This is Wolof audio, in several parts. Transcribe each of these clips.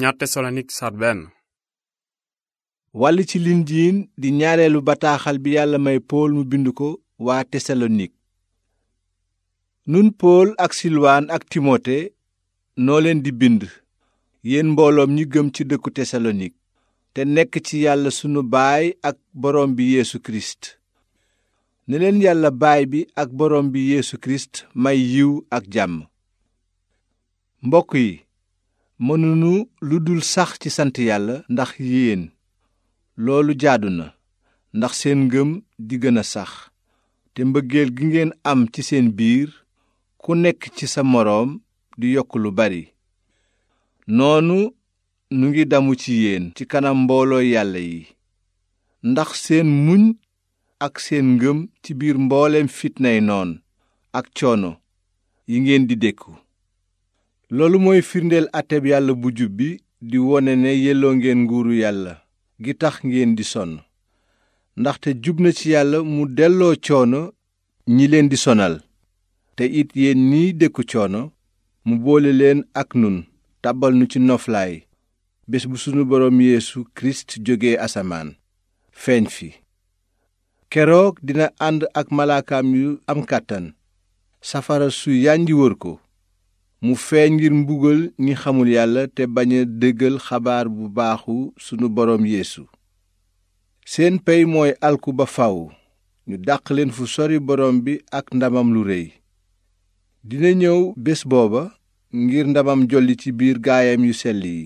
ñaar tesalonik sar benn wàll ci lindiin di ñaareelu bataaxal bi yàlla may pool mu bind ko waa tesalonik nun pool ak silwaan ak timote noo leen di bind yéen mbooloom ñi gëm ci dëkku tesalonik te nekk ci yàlla sunu baay ak borom bi yeesu kirist ne leen yàlla baay bi ak borom bi yeesu kirist may yiw ak jàmm mbokk yi mënunu lu dul sax ci sant yàlla ndax yéen loolu jaadu na ndax seen ngëm di gën a sax te mbëggeel gi ngeen am ci seen biir ku nekk ci sa moroom di yokk lu bari noonu nu ngi damu ci yéen ci kanam mbooloo yàlla yi ndax seen muñ ak seen ngëm ci biir mbooleem fitnay noon ak coono yi ngeen di dékku loolu mooy firndeel àtteb yàlla bu jub bi di wone ne yelloo ngeen nguuru yàlla gi tax ngeen di sonn ndaxte jub na ci yàlla mu delloo coono ñi leen di sonal te it yéen nii dékku coono mu boole leen ak nun tàbbal nu ci noflaay bés bu sunu boroom yeesu kirist jóge asamaan feeñ fi keroog dina ànd ak malaakaam yu am kàttan safara su yànji wër ko mu feeñ ngir mbugal ñi xamul yàlla te bañ a dëggal xabaar bu baaxu sunu borom yéesu seen pey mooy alku ba faw ñu dàq leen fu sori boroom bi ak ndamam lu rëy dina ñëw bés booba ngir ndamam jolli ci biir gaayam yu sell yi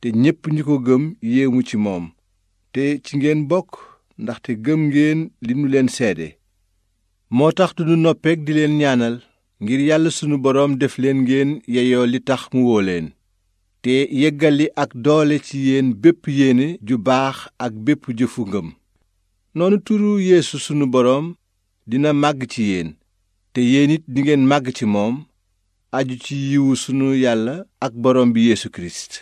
te ñépp ñu ko gëm yéemu ci moom te ci ngeen bokk ndaxte gëm ngeen li nu leen seede moo tax du nu noppeek di leen ñaanal ngir yàlla sunu borom def leen ngeen yeyoo li tax mu woo leen te yëggali ak doole ci yéen bépp yéene ju baax ak bépp jëfu ngëm noonu turu yéesu sunu boroom dina màgg ci yéen te yéen it dingeen màgg ci moom aju ci yiwu sunu yàlla ak boroom bi yéesu kirist